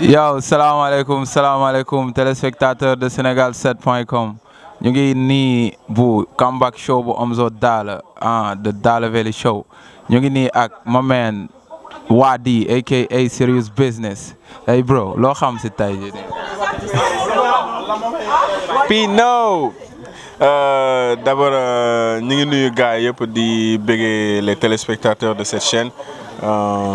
yow salaamaaleykum salaamaaleykum téléspectateur de Sénégal 7 point com ñu ngi nii bu comeback show bu Omzo Dollar ah de Dollar Valley show ñu ngi nii ak ma man Wadi aka serious business hey bro loo xam si tey jii. Pino. Euh, d' abord euh, ñu ngi nuyu gars yëpp di bëggee les téléspectateurs de cette chaîne. Euh,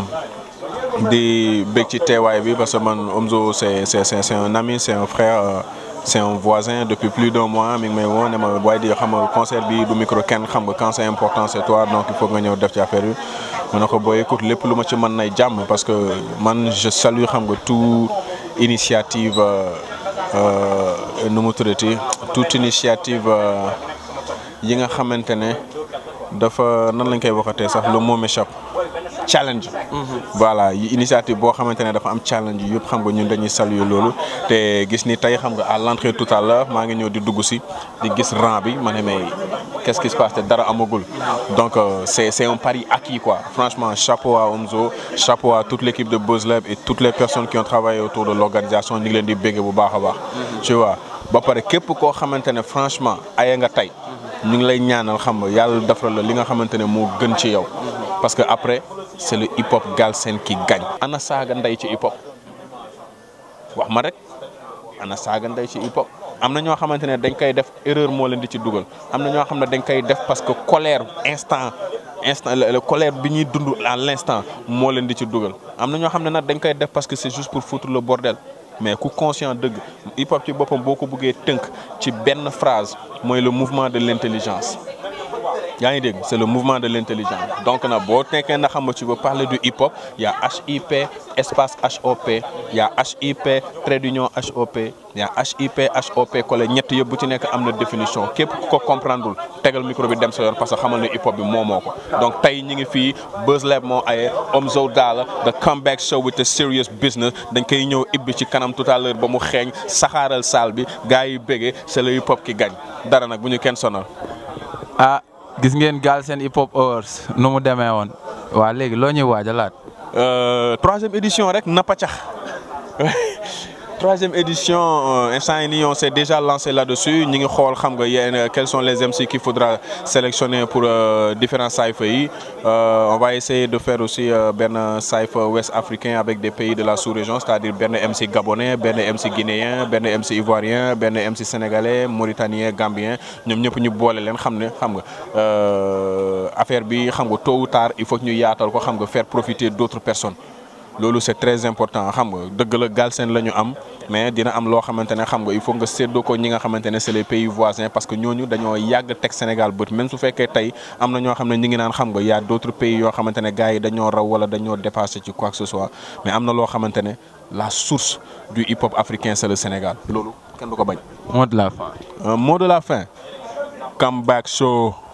di bég ci teewaay bi parce que man Omzo c'est c'est c'est un ami c'est un frère euh, c'est un voisin depuis plus d'un mois mi ngi may woo ma waaye di xam nga concert bi du micro kenn xam nga quand c'est important c'est toi donc il faut nga ñëw def ci affaire bi ma ne ko booy écoute lépp lu ma ci mën nay jàmm parce que man je salue xam nga tout initiative euh, euh, nu mu tuddati tout initiative yi nga xamante ne dafa nan lañ koy waxatee sax le mot m'échappe challenge. voilà initiative boo xamante ne dafa am challenge yëpp xam nga ñun dañuy saluer loolu te gis ni tey xam nga à l'entrée tout à l'heure maa ngi ñëw di dugg si di gis rang bi ma ne mais qu'est-ce qui se passe te dara amagul donc euh, c'est c'est un pari acquis quoi franchement chapeau à Omzo chapeau à toute l'équipe de Buzz Lab et toutes les personnes qui ont travaillé autour de l'organisation ñu leen di bégge bu baax a baax mm-hmm. tu vois ba pare képp koo xamante ne franchement aya nga tey mm-hmm. ñu ngi lay ñaanal xam nga yàlla defal li nga xamante ne moo gën ci yow mm-hmm. c'est le hip hop Galsen qui gagne. ana saaga ndey ci hip hop wax ma rek ana saaga ndey ci hip hop am na ñoo xamante ne dañ koy def erreur moo leen di ci dugal am na ñoo xam ne dañ koy def parce que colère instant instant le colère bi ñuy dund à l'instant moo leen di ci dugal am na ñoo xam ne nag dañ koy def parce que c'est juste pour foutre le bordel mais ku conscient dëgg hip hop ci boppam boo ko buggee tënk ci benn phrase mooy le mouvement de l'intelligence. yaa ngi dégg c'est le mouvement de l'intelligence donc na boo nekkee na xam nga ci ba parler du hip hop y a HIP espace HOP y a HIP trait d'union HOP y a HIP HOP collé ñett yëpp bu ci nekk am na définition képp ko comprendrewul tegal micro bi dem sa yoon parce que xamal na hip hop bi moomoo ko donc tey ñi ngi fii Buzz Lab moo aye Omzo Dollar the comeback show with a serious business dañ koy ñëw ibbi ci kanam tout à ba mu xeeñ saxaaral saal bi gars yi bégee c'est le hip hop qui nag bu ñu kenn sonal ah, gis ngeen Galsen Hip Hop Awards nu mu demee woon waa léegi loo ñuy waajalaat. Euh, troisième édition rek nappacax. troisième édition euh, instant yi nii s'est déjà lancé là-dessus ñi ngi xool xam nga yéen euh, quels sont les MC qu'il faudra sélectionner pour euh, différents cyphers yi on va essayer de faire aussi benn cypher ouest africain avec des pays de la sous-région c'est-à-dire benn MC gabonais benn MC guinéen benn MC ivoirien benn MC sénégalais mauritanien gambien ñoom ñëpp ñu boole leen xam ne xam nga affaire bi xam nga tôt ou tard il faut ñu yaatal ko xam nga faire profiter d'autres personnes loolu c'est très important xam nga dëgg la Galsen la am mais dina am loo xamante xam nga il faut nga séddoo ko ñi nga xamante ne pays voisins parce que ñooñu dañoo yàgg teg Sénégal bët même su fekkee tey am na ñoo xam ne ñi ngi naan xam nga y'a d'autres pays yoo xamante ne dañoo raw wala dañoo dépassé ci quoi que ce soit mais am na loo xamante ne la source du hip hop africain c'est le Sénégal loolu kenn du ko bañ. mot de la fin. Euh, mot de show.